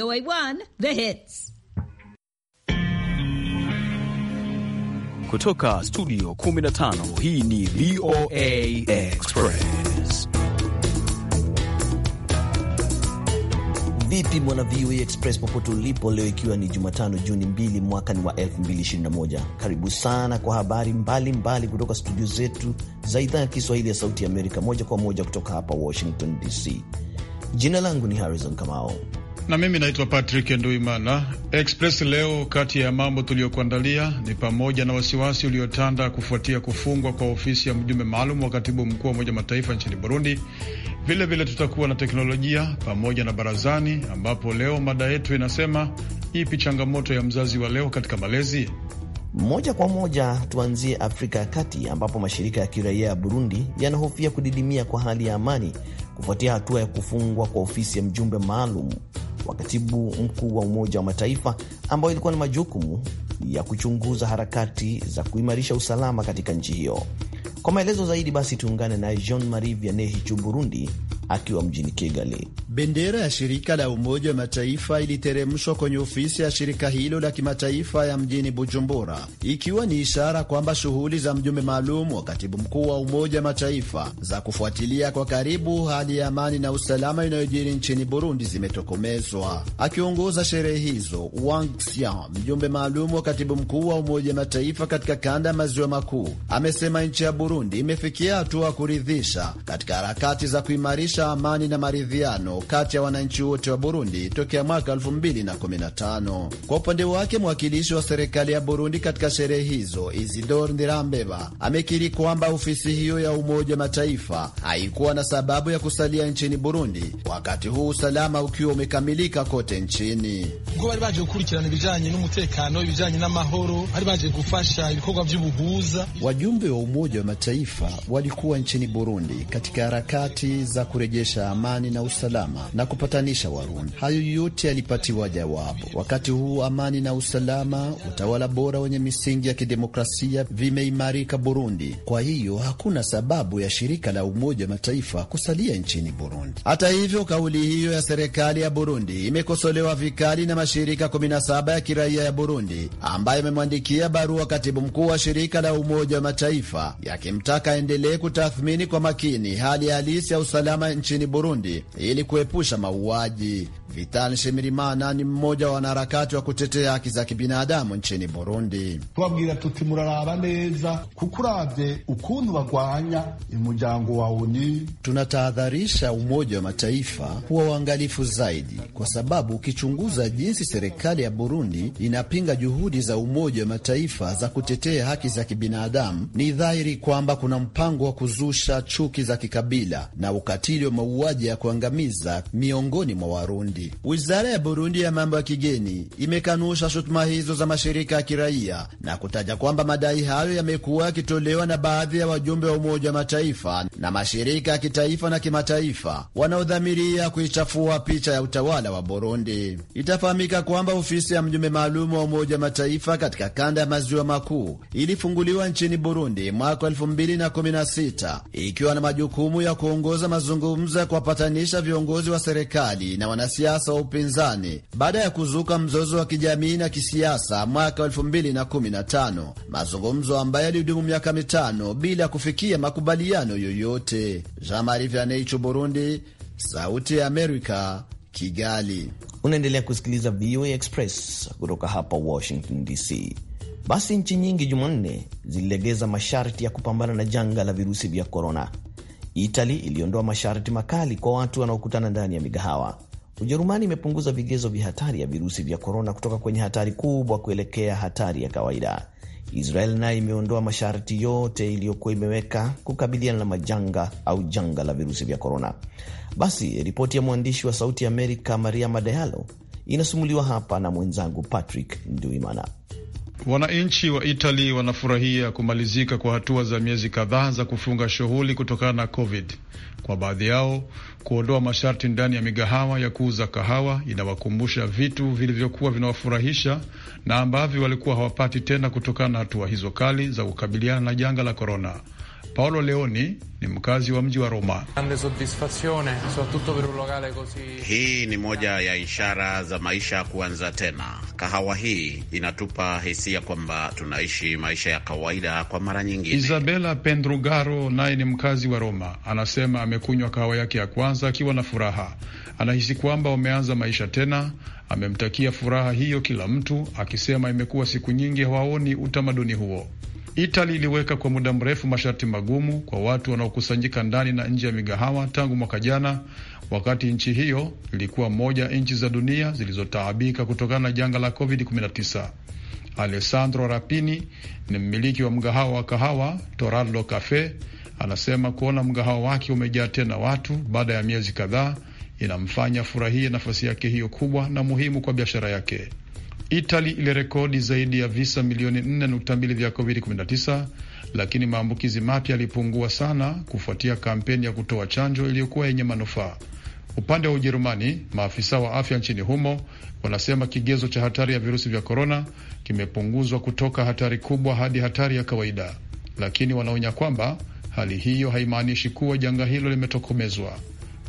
VOA1, the hits. Kutoka studio 15 hii ni VOA Express. Vipi mwana VOA Express popote ulipo leo, ikiwa ni Jumatano Juni 2 mwaka ni wa 2021. Karibu sana kwa habari mbalimbali mbali kutoka studio zetu za idhaa ya Kiswahili ya Sauti ya Amerika, moja kwa moja kutoka hapa Washington DC. Jina langu ni Harrison Kamao na mimi naitwa Patrick Nduimana. Express leo, kati ya mambo tuliyokuandalia ni pamoja na wasiwasi uliotanda kufuatia kufungwa kwa ofisi ya mjumbe maalum wa katibu mkuu wa Umoja Mataifa nchini Burundi. Vilevile vile tutakuwa na teknolojia pamoja na barazani, ambapo leo mada yetu inasema ipi changamoto ya mzazi wa leo katika malezi. Moja kwa moja tuanzie Afrika ya Kati, ambapo mashirika ya kiraia ya Burundi yanahofia kudidimia kwa hali ya amani kufuatia hatua ya kufungwa kwa ofisi ya mjumbe maalum wa katibu mkuu wa Umoja wa Mataifa ambayo ilikuwa na majukumu ya kuchunguza harakati za kuimarisha usalama katika nchi hiyo. Kwa maelezo zaidi, basi tuungane naye Jean Marie Vianney Hichu, Burundi, akiwa mjini Kigali. Bendera ya shirika la Umoja wa Mataifa iliteremshwa kwenye ofisi ya shirika hilo la kimataifa ya mjini Bujumbura, ikiwa ni ishara kwamba shughuli za mjumbe maalum wa katibu mkuu wa Umoja wa Mataifa za kufuatilia kwa karibu hali ya amani na usalama inayojiri nchini Burundi zimetokomezwa. Akiongoza sherehe hizo, Wang Xian, mjumbe maalum wa katibu mkuu wa Umoja Mataifa katika kanda ya maziwa makuu amesema nchi ya Burundi imefikia hatua ya kuridhisha katika harakati za kuimarisha amani na maridhiano kati ya wananchi wote wa Burundi tokea mwaka 2015. Kwa upande wake, mwakilishi wa serikali ya Burundi katika sherehe hizo Isidor Ndirambeba amekiri kwamba ofisi hiyo ya Umoja Mataifa haikuwa na sababu ya kusalia nchini Burundi wakati huu usalama ukiwa umekamilika kote nchini n'amahoro bari baje gufasha ibikorwa by'ubuhuza. Wajumbe wa Umoja wa Mataifa walikuwa nchini Burundi katika harakati za kurejesha amani na usalama na kupatanisha Warundi. Hayo yote yalipatiwa jawabu. Wakati huu amani na usalama, utawala bora wenye misingi ya kidemokrasia vimeimarika Burundi. Kwa hiyo hakuna sababu ya shirika la Umoja wa Mataifa kusalia nchini Burundi. Hata hivyo, kauli hiyo ya serikali ya Burundi imekosolewa vikali na mashirika 17 ya kiraia ya Burundi ambaye amemwandikia barua katibu mkuu wa shirika la Umoja wa Mataifa yakimtaka aendelee kutathmini kwa makini hali halisi ya usalama nchini Burundi ili kuepusha mauaji. Vital Shimirimana ni mmoja wa wanaharakati wa kutetea haki za kibinadamu nchini Burundi. tubabwira tuti muraraba neza kukuravye ukuntu bagwanya umuryango wa UNI. Tunatahadharisha Umoja wa Mataifa kuwa uangalifu zaidi, kwa sababu ukichunguza jinsi serikali ya Burundi inapinga juhudi nyingi za Umoja wa Mataifa za kutetea haki za kibinadamu, ni dhahiri kwamba kuna mpango wa kuzusha chuki za kikabila na ukatili wa mauaji ya kuangamiza miongoni mwa Warundi. Wizara ya Burundi ya mambo ya kigeni imekanusha shutuma hizo za mashirika ya kiraia na kutaja kwamba madai hayo yamekuwa yakitolewa na baadhi ya wajumbe wa Umoja wa Mataifa na mashirika ya kitaifa na kimataifa wanaodhamiria kuichafua picha ya utawala wa Burundi. Itafahamika kwamba ofisi ya mjumbe maalum wa Umoja wa Mataifa kimataifa katika kanda ya maziwa makuu ilifunguliwa nchini Burundi mwaka 2016 ikiwa na majukumu ya kuongoza mazungumzo ya kuwapatanisha viongozi wa serikali na wanasiasa wa upinzani baada ya kuzuka mzozo wa kijamii na kisiasa mwaka 2015, mazungumzo ambayo yalihudumu miaka mitano bila kufikia makubaliano yoyote. Jean Marie Vianney, Burundi, Sauti ya Amerika, Kigali. Unaendelea kusikiliza VOA Express kutoka hapa Washington DC. Basi nchi nyingi Jumanne zililegeza masharti ya kupambana na janga la virusi vya korona. Itali iliondoa masharti makali kwa watu wanaokutana ndani ya migahawa. Ujerumani imepunguza vigezo vya hatari ya virusi vya korona kutoka kwenye hatari kubwa kuelekea hatari ya kawaida. Israel naye imeondoa masharti yote iliyokuwa imeweka kukabiliana na majanga au janga la virusi vya korona. Basi ripoti ya mwandishi wa Sauti Amerika Maria Madayalo inasumuliwa hapa na mwenzangu Patrick Nduimana. Wananchi wa Itali wanafurahia kumalizika kwa hatua za miezi kadhaa za kufunga shughuli kutokana na COVID. Kwa baadhi yao, kuondoa masharti ndani ya migahawa ya kuuza kahawa inawakumbusha vitu vilivyokuwa vinawafurahisha na ambavyo walikuwa hawapati tena kutokana na hatua hizo kali za kukabiliana na janga la korona. Paolo Leoni ni mkazi wa mji wa Roma. Hii ni moja ya ishara za maisha kuanza tena. Kahawa hii inatupa hisia kwamba tunaishi maisha ya kawaida kwa mara nyingine. Isabella Pendrugaro naye ni mkazi wa Roma, anasema amekunywa kahawa yake ya kwanza akiwa na furaha. Anahisi kwamba wameanza maisha tena. Amemtakia furaha hiyo kila mtu, akisema imekuwa siku nyingi hawaoni utamaduni huo. Itali iliweka kwa muda mrefu masharti magumu kwa watu wanaokusanyika ndani na nje ya migahawa tangu mwaka jana, wakati nchi hiyo ilikuwa moja nchi za dunia zilizotaabika kutokana na janga la COVID-19. Alessandro Rapini ni mmiliki wa mgahawa wa kahawa Torallo Cafe. Anasema kuona mgahawa wake umejaa tena watu baada ya miezi kadhaa inamfanya furahie nafasi yake hiyo kubwa na muhimu kwa biashara yake. Itali ilirekodi zaidi ya visa milioni 4.2 vya COVID-19, lakini maambukizi mapya yalipungua sana kufuatia kampeni ya kutoa chanjo iliyokuwa yenye manufaa. Upande wa Ujerumani, maafisa wa afya nchini humo wanasema kigezo cha hatari ya virusi vya korona kimepunguzwa kutoka hatari kubwa hadi hatari ya kawaida, lakini wanaonya kwamba hali hiyo haimaanishi kuwa janga hilo limetokomezwa.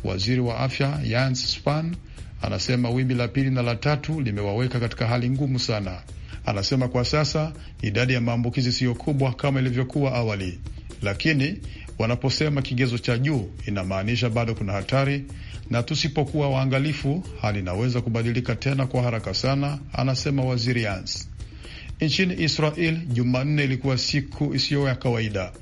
Waziri wa afya Jens Spahn Anasema wimbi la pili na la tatu limewaweka katika hali ngumu sana. Anasema kwa sasa idadi ya maambukizi siyo kubwa kama ilivyokuwa awali, lakini wanaposema kigezo cha juu inamaanisha bado kuna hatari, na tusipokuwa waangalifu hali inaweza kubadilika tena kwa haraka sana, anasema waziri Yance. Nchini Israel Jumanne ilikuwa siku isiyo ya kawaida.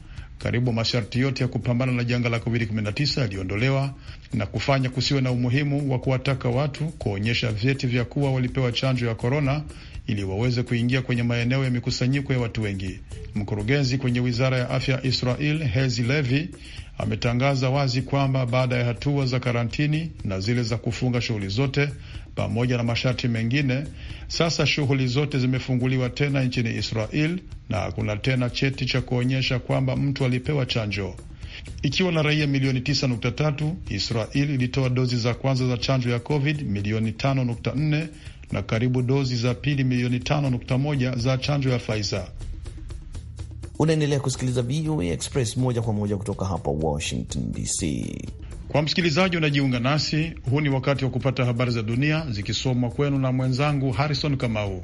Karibu masharti yote ya kupambana na janga la COVID-19 yaliondolewa na kufanya kusiwe na umuhimu wa kuwataka watu kuonyesha vyeti vya kuwa walipewa chanjo ya korona ili waweze kuingia kwenye maeneo ya mikusanyiko ya watu wengi. Mkurugenzi kwenye wizara ya afya Israel Hezi Levi ametangaza wazi kwamba baada ya hatua za karantini na zile za kufunga shughuli zote, pamoja na masharti mengine. Sasa shughuli zote zimefunguliwa tena nchini Israel na kuna tena cheti cha kuonyesha kwamba mtu alipewa chanjo. Ikiwa na raia milioni 9.3, Israel ilitoa dozi za kwanza za chanjo ya COVID milioni 5.4 na karibu dozi za pili milioni 5.1 za chanjo ya Pfizer. Unaendelea kusikiliza VOA Express moja kwa moja kutoka hapa Washington DC. Kwa msikilizaji unajiunga nasi, huu ni wakati wa kupata habari za dunia zikisomwa kwenu na mwenzangu Harrison Kamau.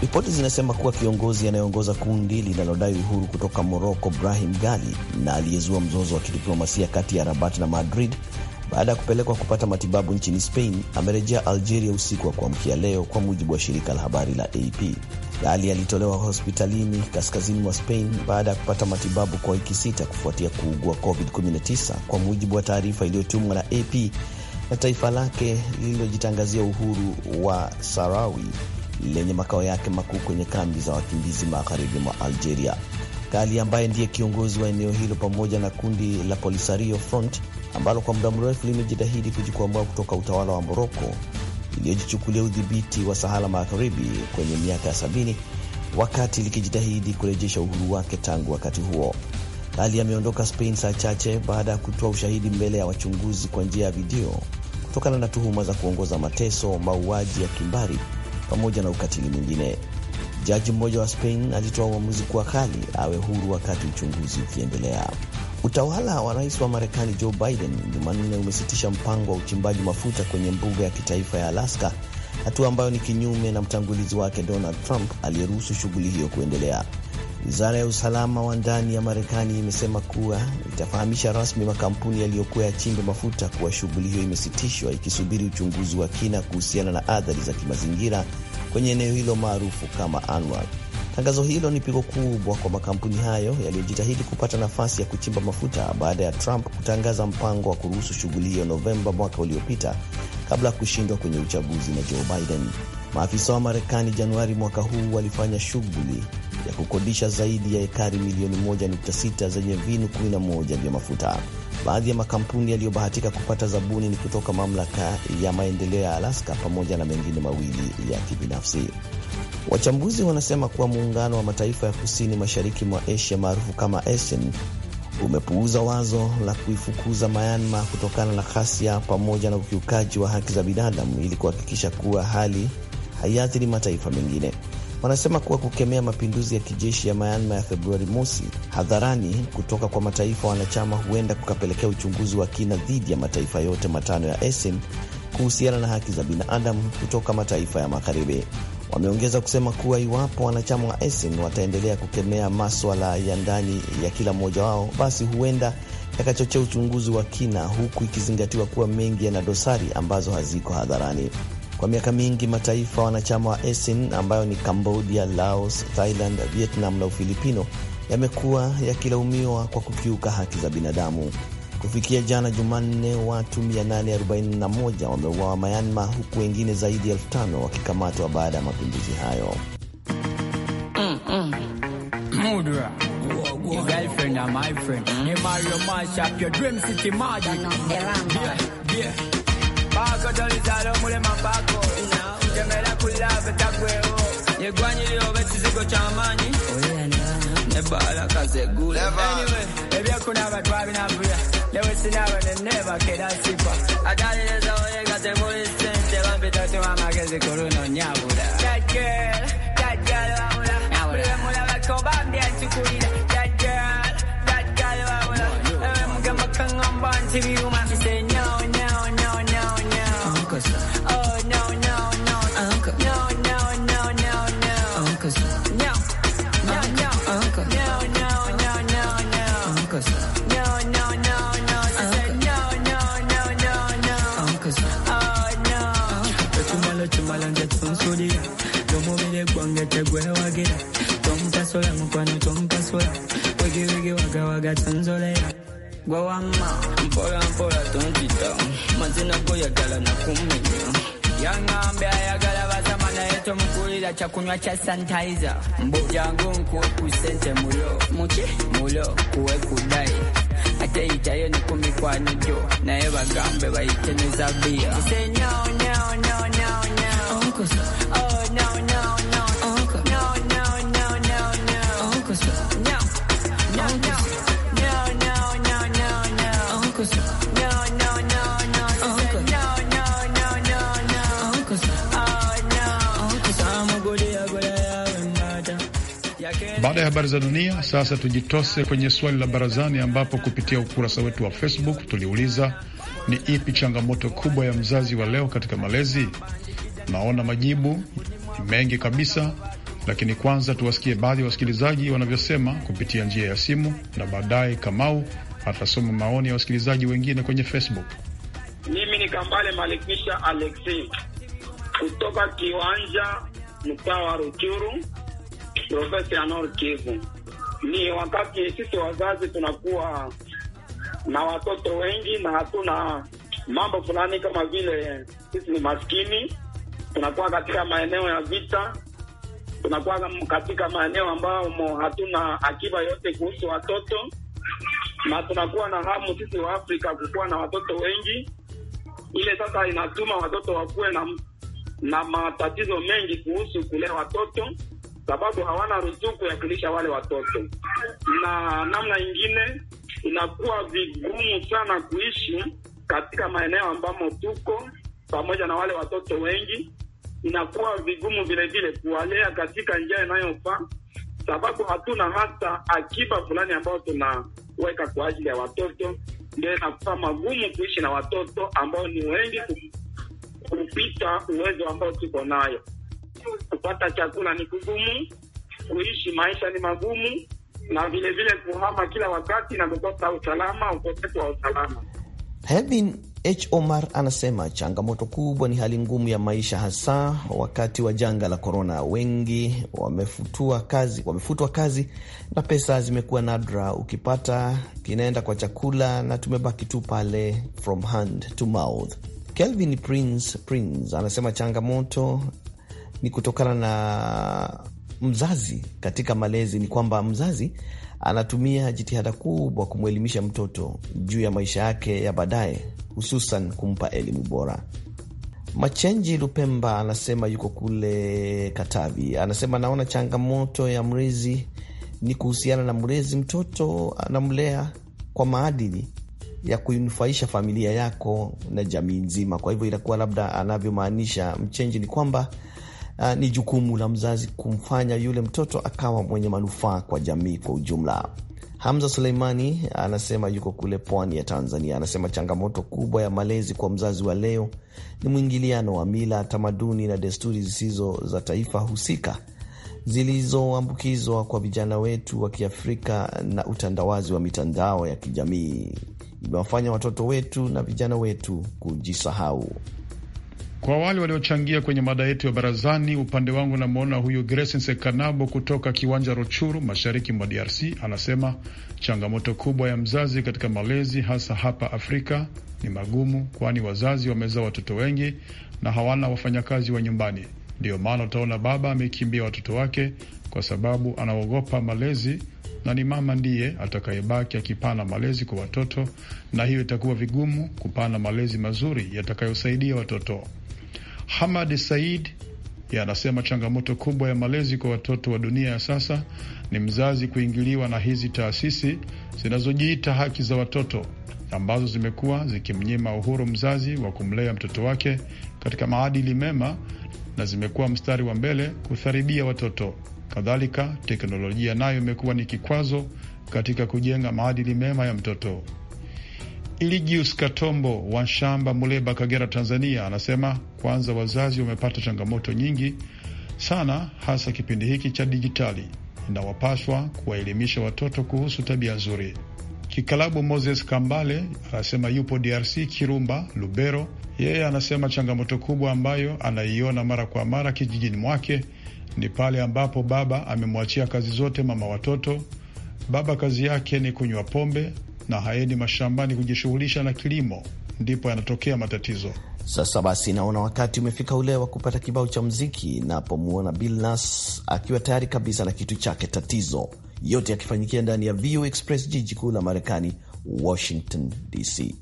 Ripoti zinasema kuwa kiongozi anayeongoza kundi linalodai uhuru kutoka Moroko, Brahim Gali, na aliyezua mzozo wa kidiplomasia kati ya Rabat na Madrid baada ya kupelekwa kupata matibabu nchini Spain. Amerejea Algeria usiku wa kuamkia leo, kwa mujibu wa shirika la habari la AP. Ghali alitolewa hospitalini kaskazini mwa Spain baada ya kupata matibabu kwa wiki sita kufuatia kuugua COVID-19, kwa mujibu wa taarifa iliyotumwa na AP na taifa lake lililojitangazia uhuru wa Sarawi lenye makao yake makuu kwenye kambi za wakimbizi magharibi mwa Algeria. Kali ambaye ndiye kiongozi wa eneo hilo pamoja na kundi la Polisario Front ambalo kwa muda mrefu limejitahidi kujikwamua kutoka utawala wa Moroko iliyojichukulia udhibiti wa Sahara Magharibi kwenye miaka ya sabini wakati likijitahidi kurejesha uhuru wake tangu wakati huo. hali ameondoka Spain saa chache baada ya kutoa ushahidi mbele ya wachunguzi kwa njia ya video kutokana na tuhuma za kuongoza mateso, mauaji ya kimbari pamoja na ukatili mwingine. Jaji mmoja wa Spain alitoa uamuzi kuwa kali awe huru wakati uchunguzi ukiendelea. Utawala wa rais wa Marekani Joe Biden Jumanne umesitisha mpango wa uchimbaji mafuta kwenye mbuga ya kitaifa ya Alaska, hatua ambayo ni kinyume na mtangulizi wake Donald Trump aliyeruhusu shughuli hiyo kuendelea. Wizara ya usalama wa ndani ya Marekani imesema kuwa itafahamisha rasmi makampuni yaliyokuwa yachimbe mafuta kuwa shughuli hiyo imesitishwa, ikisubiri uchunguzi wa kina kuhusiana na athari za kimazingira kwenye eneo hilo maarufu kama Anwar. Tangazo hilo ni pigo kubwa kwa makampuni hayo yaliyojitahidi kupata nafasi ya kuchimba mafuta baada ya Trump kutangaza mpango wa kuruhusu shughuli hiyo Novemba mwaka uliopita kabla ya kushindwa kwenye uchaguzi na Joe Biden. Maafisa wa Marekani Januari mwaka huu walifanya shughuli ya kukodisha zaidi ya hekari milioni 1.6 zenye vinu 11 vya mafuta. Baadhi ya makampuni yaliyobahatika kupata zabuni ni kutoka mamlaka ya maendeleo ya Alaska pamoja na mengine mawili ya kibinafsi. Wachambuzi wanasema kuwa muungano wa mataifa ya kusini mashariki mwa Asia maarufu kama ASEAN umepuuza wazo la kuifukuza Myanmar kutokana na ghasia pamoja na ukiukaji wa haki za binadamu ili kuhakikisha kuwa hali haiathiri mataifa mengine. Wanasema kuwa kukemea mapinduzi ya kijeshi ya Myanmar ya Februari mosi hadharani kutoka kwa mataifa wanachama huenda kukapelekea uchunguzi wa kina dhidi ya mataifa yote matano ya ASEAN kuhusiana na haki za binadamu kutoka mataifa ya magharibi. Wameongeza kusema kuwa iwapo wanachama wa ASEAN wataendelea kukemea maswala ya ndani ya kila mmoja wao, basi huenda yakachochea uchunguzi wa kina, huku ikizingatiwa kuwa mengi yana dosari ambazo haziko hadharani. Kwa miaka mingi mataifa wanachama wa ASEAN ambayo ni Cambodia, Laos, Thailand, Vietnam na Ufilipino yamekuwa yakilaumiwa kwa kukiuka haki za binadamu. Kufikia jana Jumanne, watu 841 wameuawa Myanmar, huku wengine zaidi ya elfu tano wakikamatwa baada ya mapinduzi hayo. mm ebbaala kazeggula anyway ebyekuna aba twabinabuya lewe sinabone nebakera nsipa ataliriza oye nga temuli sente bampita tiwamagezi kuluno nyabula kajjala kajjala wamula buli wemulabako bambya nkikulira la tanzolea gwawama mpolampola tontita mazina goyagala nakumenya yang'ambe ayagala basama naye tomukulira kyakunywa kya sanitizer mbujjangu nkuwe sente mulo muki mulo kuwe kudai ate yitayo ne ku mikwano naye bagambe bayite ne zabiya ya habari za dunia. Sasa tujitose kwenye swali la barazani, ambapo kupitia ukurasa wetu wa Facebook tuliuliza ni ipi changamoto kubwa ya mzazi wa leo katika malezi. Naona majibu mengi kabisa, lakini kwanza tuwasikie baadhi ya wasikilizaji wanavyosema kupitia njia ya simu, na baadaye Kamau atasoma maoni ya wasikilizaji wengine kwenye Facebook. Mimi ni Kambale Malikisha Alexi kutoka Kiwanja, mtaa wa Ruchuru Profesa Anor Kivu. Ni wakati sisi wazazi tunakuwa na watoto wengi na hatuna mambo fulani, kama vile sisi ni maskini, tunakuwa katika maeneo ya vita, tunakuwa katika maeneo ambayo hatuna akiba yote kuhusu watoto, na tunakuwa na hamu sisi wa Afrika kukuwa na watoto wengi. Ile sasa inatuma watoto wakuwe na, na matatizo mengi kuhusu kulea watoto sababu hawana ruzuku ya kulisha wale watoto, na namna ingine inakuwa vigumu sana kuishi katika maeneo ambamo tuko pamoja na wale watoto wengi. Inakuwa vigumu vilevile kuwalea katika njia inayofaa, sababu hatuna hata akiba fulani ambayo tunaweka kwa ajili ya watoto. Ndio inakuwa magumu kuishi na watoto ambao ni wengi kupita uwezo ambao tuko nayo kupata chakula ni kugumu, kuishi maisha ni magumu, na vile vile kuhama kila wakati na kukosa usalama, ukosefu wa usalama. Hevin H. Omar anasema changamoto kubwa ni hali ngumu ya maisha, hasa wakati wa janga la korona. Wengi wamefutwa kazi, wamefutwa kazi na pesa zimekuwa nadra, ukipata kinaenda kwa chakula na tumebaki tu pale from hand to mouth. Kelvin Prince Prince anasema changamoto ni kutokana na mzazi katika malezi, ni kwamba mzazi anatumia jitihada kubwa kumwelimisha mtoto juu ya maisha yake ya baadaye, hususan kumpa elimu bora. Machenji Lupemba anasema yuko kule Katavi, anasema naona changamoto ya mlezi ni kuhusiana na mlezi, mtoto anamlea kwa maadili ya kuinufaisha familia yako na jamii nzima. Kwa hivyo inakuwa labda anavyomaanisha Mchenji ni kwamba uh, ni jukumu la mzazi kumfanya yule mtoto akawa mwenye manufaa kwa jamii kwa ujumla. Hamza Suleimani anasema yuko kule pwani ya Tanzania. Anasema changamoto kubwa ya malezi kwa mzazi wa leo ni mwingiliano wa mila, tamaduni na desturi zisizo za taifa husika zilizoambukizwa kwa vijana wetu wa Kiafrika, na utandawazi wa mitandao ya kijamii imewafanya watoto wetu na vijana wetu kujisahau. Kwa wale waliochangia kwenye mada yetu ya barazani, upande wangu namwona huyu Grace Nsekanabo kutoka kiwanja Ruchuru, mashariki mwa DRC, anasema changamoto kubwa ya mzazi katika malezi hasa hapa Afrika ni magumu, kwani wazazi wamezaa watoto wengi na hawana wafanyakazi wa nyumbani. Ndiyo maana utaona baba amekimbia watoto wake kwa sababu anaogopa malezi, na ni mama ndiye atakayebaki akipana malezi kwa watoto, na hiyo itakuwa vigumu kupana malezi mazuri yatakayosaidia watoto. Hamad Said anasema changamoto kubwa ya malezi kwa watoto wa dunia ya sasa ni mzazi kuingiliwa na hizi taasisi zinazojiita haki za watoto ambazo zimekuwa zikimnyima uhuru mzazi wa kumlea mtoto wake katika maadili mema na zimekuwa mstari wa mbele kutharibia watoto. Kadhalika, teknolojia nayo imekuwa ni kikwazo katika kujenga maadili mema ya mtoto. Eligius Katombo wa Shamba, Muleba, Kagera, Tanzania, anasema kwanza, wazazi wamepata changamoto nyingi sana, hasa kipindi hiki cha dijitali. Inawapaswa kuwaelimisha watoto kuhusu tabia nzuri. Kikalabu Moses Kambale anasema yupo DRC, Kirumba, Lubero. Yeye anasema changamoto kubwa ambayo anaiona mara kwa mara kijijini mwake ni pale ambapo baba amemwachia kazi zote mama watoto. Baba kazi yake ni kunywa pombe, na haendi mashambani kujishughulisha na kilimo, ndipo yanatokea matatizo. Sasa basi, naona wakati umefika ule wa kupata kibao cha mziki, napomwona Bilnas akiwa tayari kabisa na kitu chake. Tatizo yote yakifanyikia ndani ya VOA Express, jiji kuu la Marekani, Washington DC.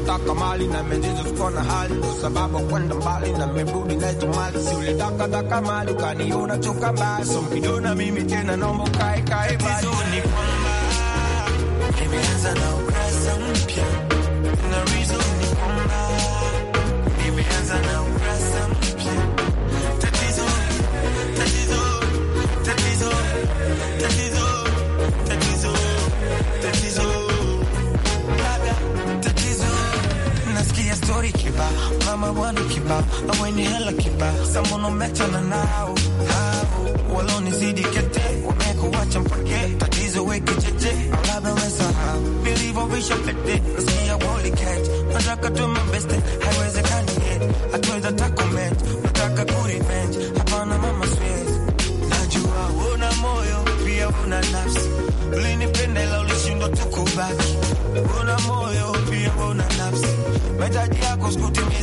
takataka mali na menjizo sikona hali ndo sababu kwenda mbali na mebudi na jumali si ulitaka taka mali ukaniona choka mbali so mkidona mimi tena naomba ukae kae bali ni kwamba nimeanza na ukurasa mpya my one kiba aweni hela kiba samono metana nao walonizidi kete wamekuwacha mpake tatizo weke cheche alabewesahau vilivyovisha pete nsia wolikech nataka tumembeste haiwezekani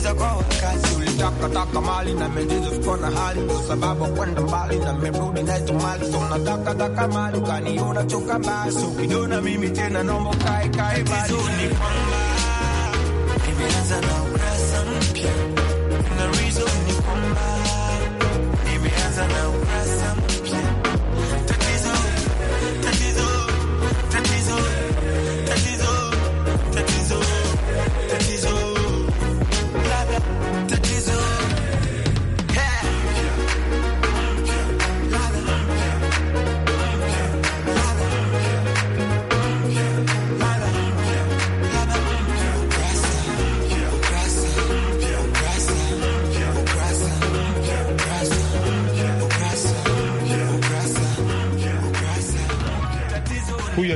kumaliza kwa wakati. Ulitaka taka mali na mendizo siko na hali, ndo sababu kwenda mbali na merudi nazo mali. So nataka taka mali kaniona choka mbali, so ukijiona mimi tena nombo kae kae bali, ni kwamba nimeanza na ukurasa mpya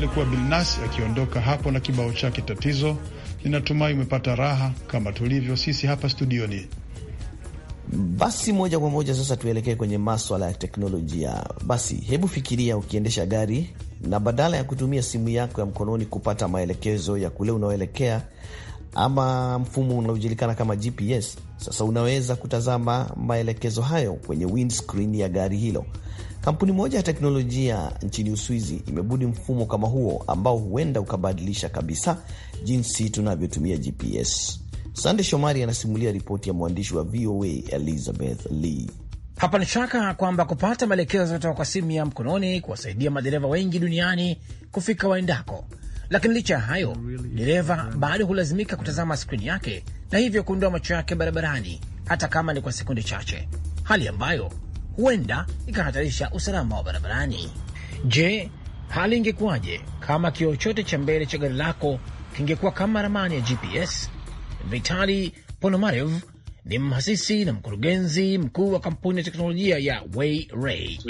alikuwa Bilnas akiondoka hapo na kibao chake Tatizo. Ninatumai umepata raha kama tulivyo sisi hapa studioni. Basi moja kwa moja sasa tuelekee kwenye maswala ya teknolojia. Basi hebu fikiria ukiendesha gari na badala ya kutumia simu yako ya mkononi kupata maelekezo ya kule unaoelekea ama mfumo unaojulikana kama GPS, sasa unaweza kutazama maelekezo hayo kwenye windscreen ya gari hilo Kampuni moja ya teknolojia nchini Uswizi imebuni mfumo kama huo ambao huenda ukabadilisha kabisa jinsi tunavyotumia GPS. Sande Shomari anasimulia ripoti ya mwandishi wa VOA Elizabeth Lee. ni shaka kwamba kupata maelekezo kutoka kwa simu ya mkononi kuwasaidia madereva wengi duniani kufika waendako, lakini licha ya hayo, dereva bado hulazimika kutazama skrini yake na hivyo kuondoa macho yake barabarani, hata kama ni kwa sekunde chache, hali ambayo huenda ikahatarisha usalama wa barabarani. Je, hali ingekuwaje kama kioo chote cha mbele cha gari lako kingekuwa kama ramani ya GPS? Vitali Ponomarev ni mhasisi na mkurugenzi mkuu wa kampuni ya teknolojia ya Wayray. So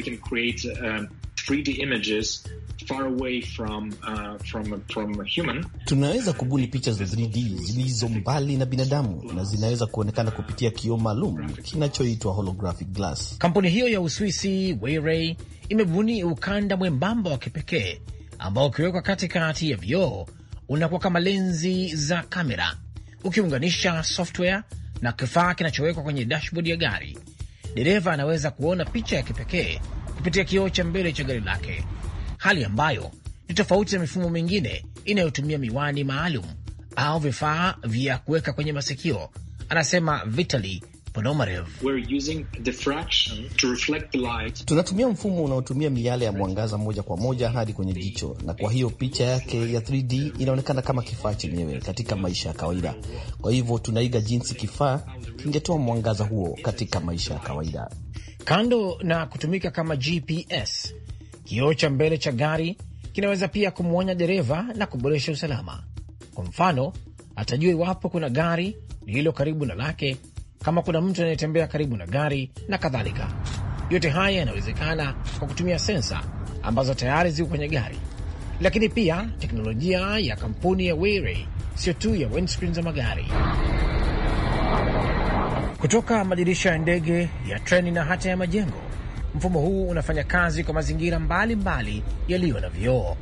3D images far away from, uh, from, from human. Tunaweza kubuni picha za 3D zilizo mbali na binadamu na zinaweza kuonekana kupitia kioo maalum kinachoitwa holographic glass. Kampuni hiyo ya Uswisi Wayray imebuni ukanda mwembamba wa kipekee ambao ukiwekwa katikati ya vioo unakuwa kama lenzi za kamera, ukiunganisha software na kifaa kinachowekwa kwenye dashboard ya gari, dereva anaweza kuona picha ya kipekee kupitia kioo cha mbele cha gari lake, hali ambayo ni tofauti na mifumo mingine inayotumia miwani maalum au vifaa vya kuweka kwenye masikio, anasema Vitali Tunatumia mfumo unaotumia miale ya mwangaza moja kwa moja hadi kwenye jicho, na kwa hiyo picha yake ya 3D inaonekana kama kifaa chenyewe katika maisha ya kawaida. Kwa hivyo tunaiga jinsi kifaa kingetoa mwangaza huo katika maisha ya kawaida. Kando na kutumika kama GPS, kioo cha mbele cha gari kinaweza pia kumwonya dereva na kuboresha usalama. Kwa mfano, atajua iwapo kuna gari lililo karibu na lake, kama kuna mtu anayetembea karibu na gari na kadhalika. Yote haya yanawezekana kwa kutumia sensa ambazo tayari ziko kwenye gari. Lakini pia teknolojia ya kampuni ya Wayray sio tu ya windscreen za magari kutoka madirisha ya ndege, ya treni na hata ya majengo. Mfumo huu unafanya kazi kwa mazingira mbalimbali yaliyo na vioo.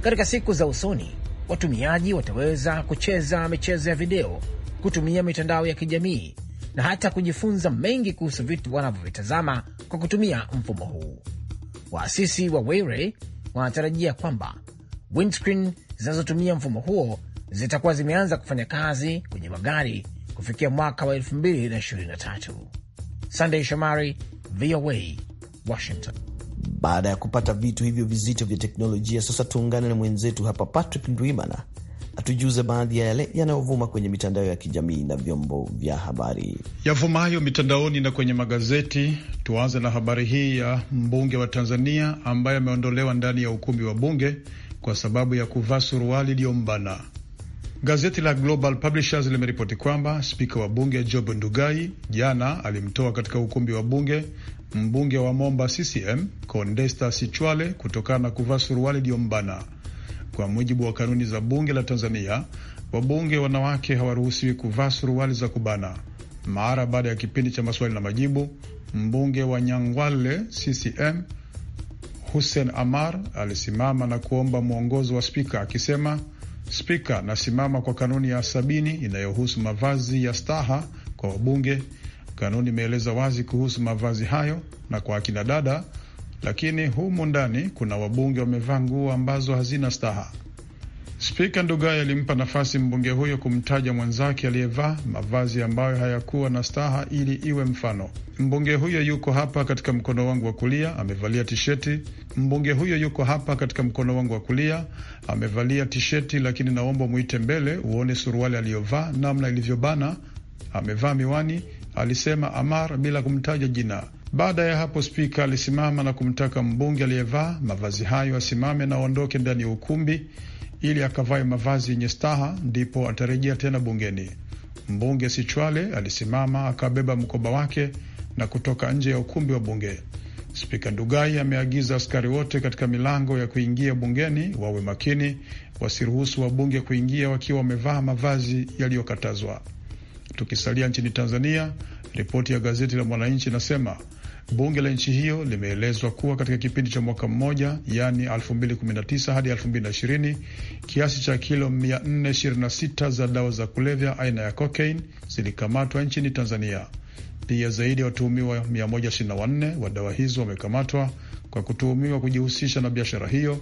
Katika siku za usoni, watumiaji wataweza kucheza michezo ya video, kutumia mitandao ya kijamii na hata kujifunza mengi kuhusu vitu wanavyovitazama kwa kutumia mfumo huu. Waasisi wa Wayray wanatarajia kwamba windscreen zinazotumia mfumo huo zitakuwa zimeanza kufanya kazi kwenye magari kufikia mwaka wa 2023. Sandey Shomari, VOA, Washington. Baada ya kupata vitu hivyo vizito vya teknolojia, sasa tuungane na mwenzetu hapa Patrick Ndwimana atujuze baadhi ya yale yanayovuma kwenye mitandao ya kijamii na vyombo vya habari yavumayo mitandaoni na kwenye magazeti. Tuanze na habari hii ya mbunge wa Tanzania ambaye ameondolewa ndani ya ukumbi wa bunge kwa sababu ya kuvaa suruali iliyombana. Gazeti la Global Publishers limeripoti kwamba spika wa bunge Job Ndugai jana alimtoa katika ukumbi wa bunge mbunge wa Momba CCM Condesta Sichwale kutokana na kuvaa suruali iliyombana. Kwa mujibu wa kanuni za bunge la Tanzania, wabunge wanawake hawaruhusiwi kuvaa suruali za kubana. Mara baada ya kipindi cha maswali na majibu, mbunge wa Nyangwale CCM Hussein Amar alisimama na kuomba mwongozo wa spika akisema Spika, nasimama kwa kanuni ya sabini inayohusu mavazi ya staha kwa wabunge. Kanuni imeeleza wazi kuhusu mavazi hayo na kwa akina dada, lakini humu ndani kuna wabunge wamevaa nguo ambazo hazina staha. Spika Ndugai alimpa nafasi mbunge huyo kumtaja mwenzake aliyevaa mavazi ambayo hayakuwa na staha ili iwe mfano. Mbunge huyo yuko hapa katika mkono wangu wa kulia, amevalia tisheti. Mbunge huyo yuko hapa katika mkono wangu wa kulia, amevalia tisheti, lakini naomba mwite mbele uone suruali aliyovaa, namna ilivyobana, amevaa miwani, alisema Amar bila kumtaja jina. Baada ya hapo spika alisimama na kumtaka mbunge aliyevaa mavazi hayo asimame na aondoke ndani ya ukumbi ili akavae mavazi yenye staha, ndipo atarejea tena bungeni. Mbunge Sichwale alisimama akabeba mkoba wake na kutoka nje ya ukumbi wa bunge. Spika Ndugai ameagiza askari wote katika milango ya kuingia bungeni wawe makini, wasiruhusu wabunge kuingia wakiwa wamevaa mavazi yaliyokatazwa. Tukisalia nchini Tanzania, ripoti ya gazeti la Mwananchi inasema Bunge la nchi hiyo limeelezwa kuwa katika kipindi cha mwaka mmoja, yaani 2019 hadi 2020, kiasi cha kilo 426 za dawa za kulevya aina ya cocaine zilikamatwa nchini Tanzania. Pia zaidi ya watuhumiwa 124 wa dawa hizo wamekamatwa kwa kutuhumiwa kujihusisha na biashara hiyo,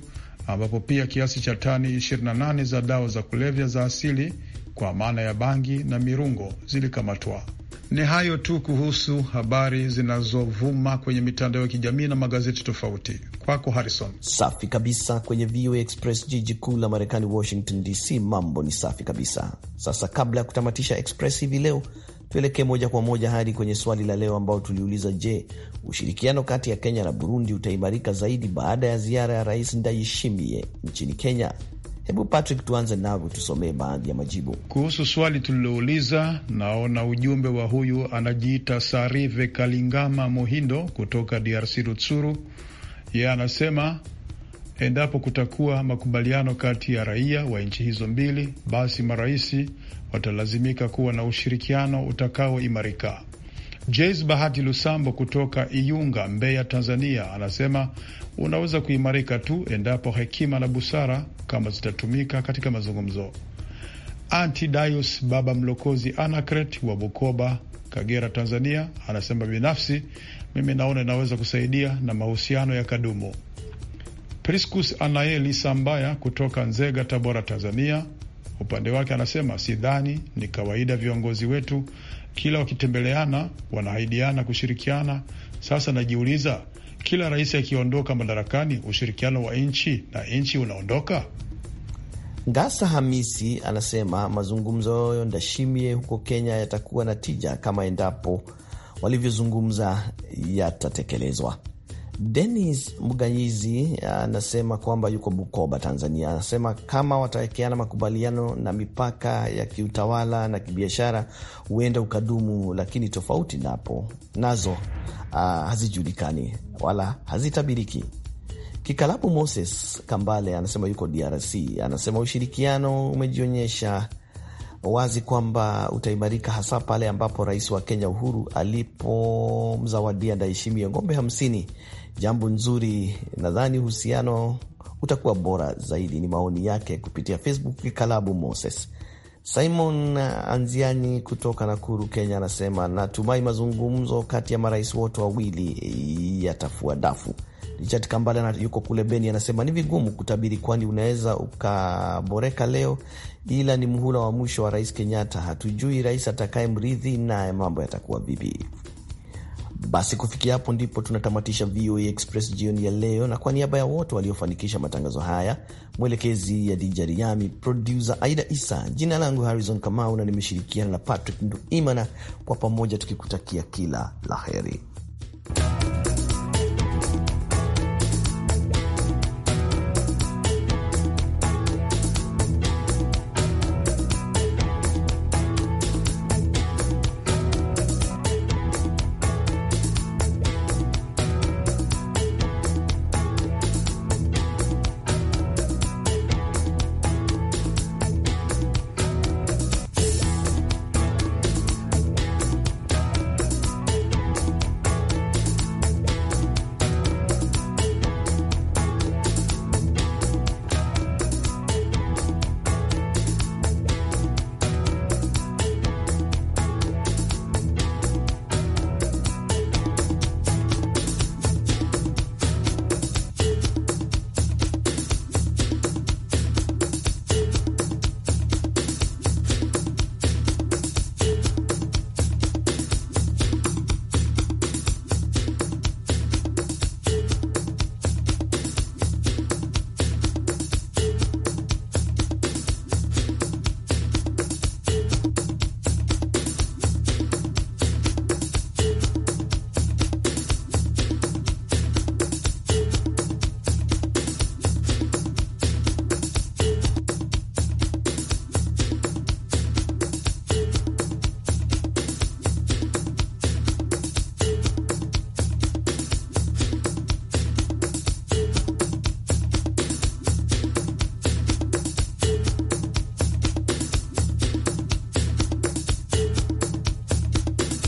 ambapo pia kiasi cha tani 28 za dawa za kulevya za asili kwa maana ya bangi na mirungo zilikamatwa. Ni hayo tu kuhusu habari zinazovuma kwenye mitandao ya kijamii na magazeti tofauti. Kwako Harrison. Safi kabisa kwenye VOA Express, jiji kuu la Marekani, Washington DC. Mambo ni safi kabisa. Sasa kabla ya kutamatisha Express hivi leo, tuelekee moja kwa moja hadi kwenye swali la leo ambao tuliuliza: Je, ushirikiano kati ya Kenya na Burundi utaimarika zaidi baada ya ziara ya Rais Ndayishimiye nchini Kenya? Hebu Patrick, tuanze navyo, tusomee baadhi ya majibu kuhusu swali tulilouliza. Naona ujumbe wa huyu anajiita Sarive Kalingama Mohindo kutoka DRC Rutsuru. Yeye anasema endapo kutakuwa makubaliano kati ya raia wa nchi hizo mbili, basi maraisi watalazimika kuwa na ushirikiano utakaoimarika. Jas Bahati Lusambo kutoka Iyunga, Mbeya, Tanzania, anasema unaweza kuimarika tu endapo hekima na busara kama zitatumika katika mazungumzo. Antidaius Baba Mlokozi Anacret wa Bukoba, Kagera, Tanzania, anasema binafsi, mimi naona inaweza kusaidia na mahusiano ya kadumu. Priscus Anaeli Sambaya kutoka Nzega, Tabora, Tanzania, upande wake anasema sidhani ni kawaida viongozi wetu kila wakitembeleana wanaahidiana kushirikiana. Sasa najiuliza kila rais akiondoka madarakani, ushirikiano wa nchi na nchi unaondoka. Ngasa Hamisi anasema mazungumzo ya Ndashimie huko Kenya yatakuwa na tija kama endapo walivyozungumza yatatekelezwa. Denis Mgayizi eh, anasema kwamba yuko Bukoba, Tanzania. Anasema kama watawekeana makubaliano na mipaka ya kiutawala na kibiashara, huenda ukadumu, lakini tofauti napo nazo ah, hazijulikani wala hazitabiriki. Kikalabu Moses Kambale anasema yuko DRC. Anasema ushirikiano umejionyesha wazi kwamba utaimarika hasa pale ambapo rais wa Kenya Uhuru alipomzawadia Ndayishimiye ng'ombe hamsini jambo nzuri, nadhani uhusiano utakuwa bora zaidi. Ni maoni yake kupitia Facebook. Kalabu Moses Simon Anziani kutoka Nakuru, Kenya, anasema natumai mazungumzo kati ya marais wote wawili yatafua dafu. Richard Kambale yuko kule Beni, anasema ni vigumu kutabiri, kwani unaweza ukaboreka leo, ila ni mhula wa mwisho wa Rais Kenyatta. Hatujui rais atakaye mrithi, naye mambo yatakuwa vipi. Basi kufikia hapo ndipo tunatamatisha VOA Express jioni ya leo, na kwa niaba ya wote waliofanikisha matangazo haya, mwelekezi ya Dija Riami, produsa Aida Isa, jina langu Harrison Kamau na nimeshirikiana na Patrick Nduimana, kwa pamoja tukikutakia kila la heri.